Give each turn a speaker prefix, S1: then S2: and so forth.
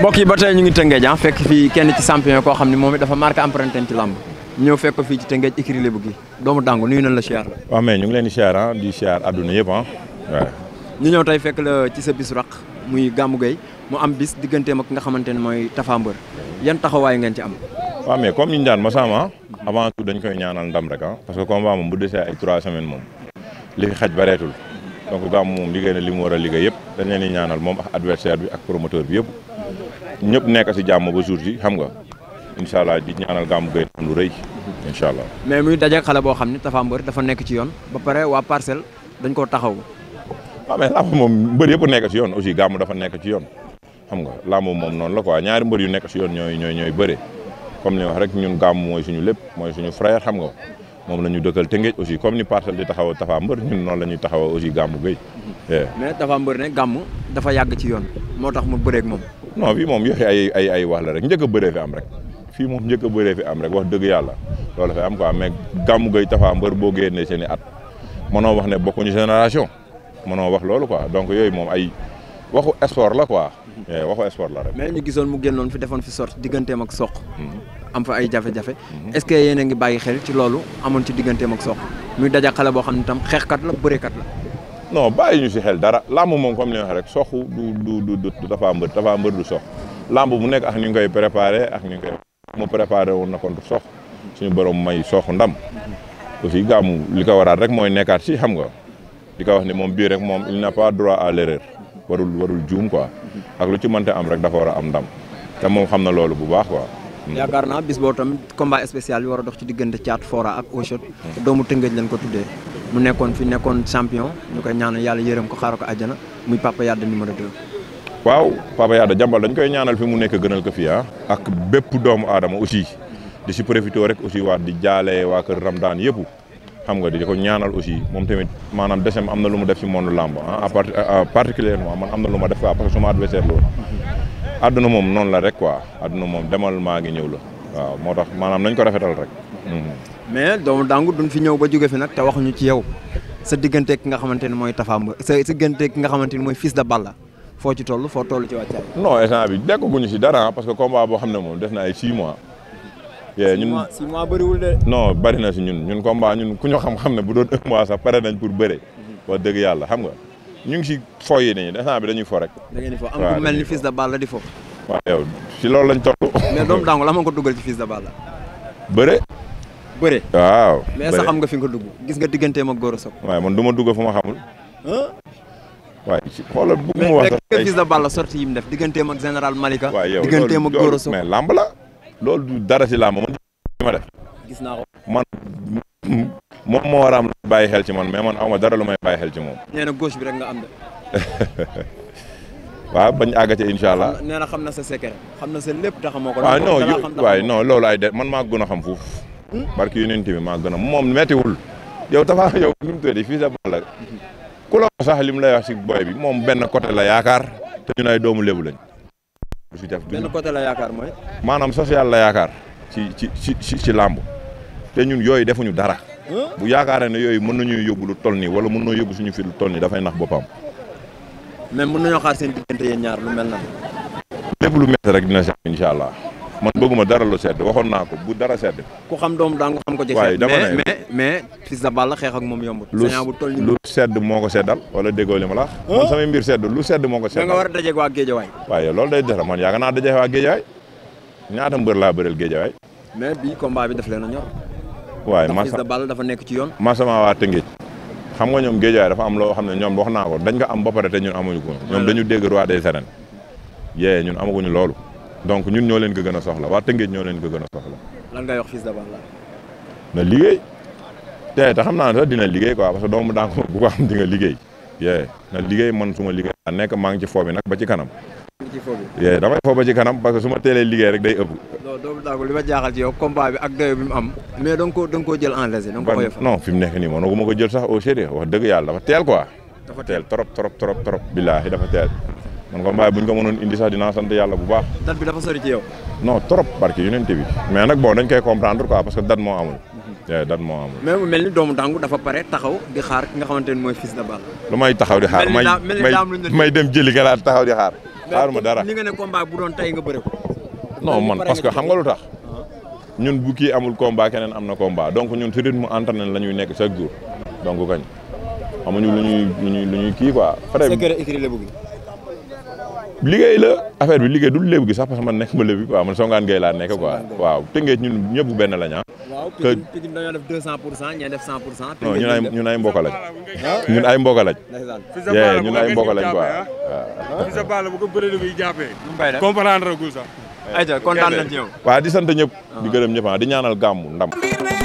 S1: mbokk yi ba tey ñu ngi tëngeej ah fekk fii kenn ci champion koo xam ne moom it dafa marqué empreinte ci làmb ñëw fekk ko fii ci tëngeej écurie Lébou gi doomu dàngu nuyu nañ la siyaar waaw mais ñu ngi leen di siyaar ah di siyaar àdduna yëpp ah, fekk la ci sa bis raq muy Gamou mu am bis digganteem ak nga xamante ne mooy Tapha Mbeur yan taxawaay ngeen ci am
S2: waaw comme ñu daan masaama ah, avant tout dañ koy ñaanal ndam rek ah parce que combat moom bu desee ay trois semaines moom li fi xaj bareetul donc Gamou moom liggéey na li mu war a liggéey yëpp dañ leen di ñaanal moom ak adversaire bi ak bi yëpp ñëpp nekk si jàmm ba jour ji xam nga incha allah ji ñaanal Gamou Gueye am lu rëy incha allah.
S1: mais muy dajeeg xale boo xam ne Tapha Mbeur dafa nekk ci yoon ba pare waa parcelle dañ koo taxaw. waaw
S2: ah, mais làmb moom nekk si yoon aussi Gamou dafa nekk ci yoon xam nga làmb moom noonu la quoi ñaari mbër yu nekk si yoon ñooy ñooy ñooy bëre comme li wax rek ñun Gamou mooy suñu lépp mooy suñu frère xam nga moom la ñu dëkkal Tëngéej aussi comme ni parcelle di taxaw Tapha Mbeur ñun noonu la ñuy taxaw aussi Gamou Gueye. Eh.
S1: mais Tapha Mbeur ne Gamou dafa yàgg ci yoon moo tax mu bëreeg moom
S2: non fii moom yoxe ay ay ay wax la rek njëkk a bëree fi am rek fii moom njëkk a bëree fi am rek wax dëgg yàlla loolu fi am quoi mais gàmmu gay tafaa mbër boo génnee seen i at mënoo wax ne bokkuñu génération mënoo wax loolu quoi donc yooyu moom ay waxu sport la ko eh, waxu sport la rek. mais
S1: ñu gisoon mu génnoon fi defoon fi sorte digganteem ak soq. Hmm. am fa ay jafe-jafe. Hmm. est-ce que yéen a ngi bàyyi xel ci loolu amoon ci digganteem ak soq. muy daja xale boo xam ne tam xeexkat la bëreekat la.
S2: non bàyyi ñu si xel dara làmb moom comme li nga wax rek soxu du du du du dafa mbër dafa mbër du sox làmb bu nekk ak ni ñu koy préparé ak ni ñu koy mu préparé woon na contre sox suñu borom may soxu ndam aussi gàmmu li ko waraat rek mooy nekkaat si xam nga li ko wax ni moom bii rek moom il n'a pas droit à l'erreur warul warul juum quoi ak lu ci mënte am rek dafa war a am ndam te moom xam na loolu bu baax quoi.
S1: Hmm. yaakaar naa bis boo tamit combat spécial bi war a dox ci diggante caat Fora ak Ochot. Hmm. doomu Tëngéej lañ ko tuddee. mu nekkoon fi nekkoon champion ñu koy ñaanal yàlla yërëm ko xaaral ko àjjana muy Papa Yade numéro 2. waaw Papa
S2: Yade jàmbal dañ koy ñaanal fi mu nekk gënal ko fi ah. ak bépp doomu aadama aussi di si profité rek aussi waa di jaale waa kër Ramdaan yëpp xam nga di ko ñaanal aussi moom tamit maanaam desem am na lu mu def si monde làmb ah à euh, euh, particulièrement man am na lu ma def quoi parce que suma adversaire loolu. àdduna moom noonu la rek quoi àdduna moom demal maa ngi ñëw la. waaw moo tax maanaam nañ ko rafetal rek. Mm-hmm. Mm-hmm.
S1: mais doomu daangu duñ fi ñëw ba jóge fi nag te waxuñu ci yow sa diggante ki nga xamante ne mooy Tapha Mbeur sa diggante ki nga xamante ne mooy Fils de Balla foo ci toll foo toll ci wàccaay.
S2: non instant bi nekkaguñu si dara parce que combat boo xam ne moom def na ay 6 mois. ñun
S1: 6 mois bëriwul de.
S2: non bëri na si ñun ñun ku ñu xam-xam ne bu doon 1 mois sax pare nañ pour bëre. Mm-hmm. wax dëgg yàlla xam nga ñu ngi si fo yi nii instant bi dañuy fo rek. da ngeen di fo am ku mel ni Fils de Balla di fo. waaw ci loolu lañ toll. mais doomu
S1: daangu la ma ko dugal ci Fils de Balla.
S2: bëre. bëre waaw. mais sax xam
S1: nga fi nga dugg gis nga diggantee mag Gora Sock.
S2: waaye man du ma dugg fu ma xamul. waaye ci xoolal bëgguma wax. mais fekk Fils
S1: de Balla sorti yi mu def digganteem ak général Malika. waaw yow digganteem ak Gora
S2: Sock mais lamb la. lool du dara si lamb man ci ma def. gis naa ko man moom moo war a am bàyyi xel ci man mais man aw ma dara lu may bàyyi xel ci moom.
S1: nee na bi rek nga am de.
S2: waaw bañ àgg ca incha allah.
S1: nee xam na sa secret xam na sa lépp tax moo ko. waaw non waaye
S2: non loolu ay de man maa gën a xam foofu. Hmm? barke yonent bi maa gën a moom mettiwul yow Tapha yow nu mu fii sa baax la ku la wax lay wax si boy bi moom benn côté la yaakaar te ñun ay doomu lébu lañ. du si def benn
S1: côté la yaakaar mooy.
S2: maanaam social la yaakaar ci ci ci ci ci làmb te ñun yooyu defuñu dara. Hmm? bu yaakaaree ne yooyu mën nañu yóbbu lu toll nii wala mën nañu yóbbu suñu fi lu toll nii dafay nax boppam.
S1: mais mën nañoo xaar seen diggante yéen ñaar lu mel na
S2: lépp lu metti rek dina si am incha allah man bëgguma dara lu sedd waxoon naa ko bu dara sedd.
S1: ku xam doom daa nga xam ko. waaye dama ne mais mais Fils de Balla xeex ak moom yombut. lu lu
S2: sedd moo ko seddal wala déggoo li ma la. man samay mbir sedd lu sedd moo ko seddal. nga war a
S1: dajeeg waa Géejawaay.
S2: waaye loolu day dara man yaaga naa dajeeg waa Géejawaay ñaata mbër laa bëreel Géejawaay.
S1: mais bii combat bi def leen a ñor. waaye Fils de Balla dafa nekk ci yoon.
S2: ma sama waa Tëngéej am nga ñoom géejawaay dafa am loo xam ne ñoom wax naa ko dañ ko am ba pare te ñun amuñu ko ñoom dañu dégg roi des arènes yee ñun amaguñu loolu donc ñun ñoo leen ko gën a soxla waa Tëngéej ñoo leen ko gën a soxla lan ngay wax fils de na liggéey te te xam naa ne dina liggéey quoi parce que doomu daa ko bu ko di nga liggéey yee na liggéey man suma liggéey a nekk maa ngi ci foo bi nag ba ci kanam yee damay foo ba ci kanam parce que suma ma teelee liggéey rek day ëpp
S1: doomu daangu li ma jaaxal ci yow combat bi ak dayo bi mu am. mais da jël en léger. da nga ko
S2: non fi mu nekk nii moom nagu ma ko jël sax au sérieux wax dëgg yàlla dafa teel quoi. dafa teel trop trop trop trop. billaahi dafa teel. man ko bu ñu ko mhm. taxaw di xaar
S1: ki nga xamante ne mooy fils
S2: may taxaw di xaar may may dem jëli galaat taxaw di xaar.
S1: xaaruma dara li nga ne combat bëre
S2: non man parce que xam nga lu tax ñun bu kii amul combat keneen am na komba donc ñun ci rythme entraîné la ñuy nekk chaque jour donc kañ amuñu lu ñuy lu ñuy lu ñuy kii quoi. Fadé liggéey la affaire bi liggéey du lébu gi sax parce man nekk ma lébu quoi man songaan gay laa nekk quoi waaw tëngeej ñun ñëpp benn lañ ah. waaw
S1: Pikine pour cent ñee pour cent. non ñun ay ñun ay mbokk lañ. ñun ay mbokk lañ. ñun ay mbokk lañ quoi waaw. Fils ko bëri sax. ayca kontaan nañ ci yow.
S2: waaw di sant ñëpp. di gërëm ñëpp di ñaanal gàmmu ndam.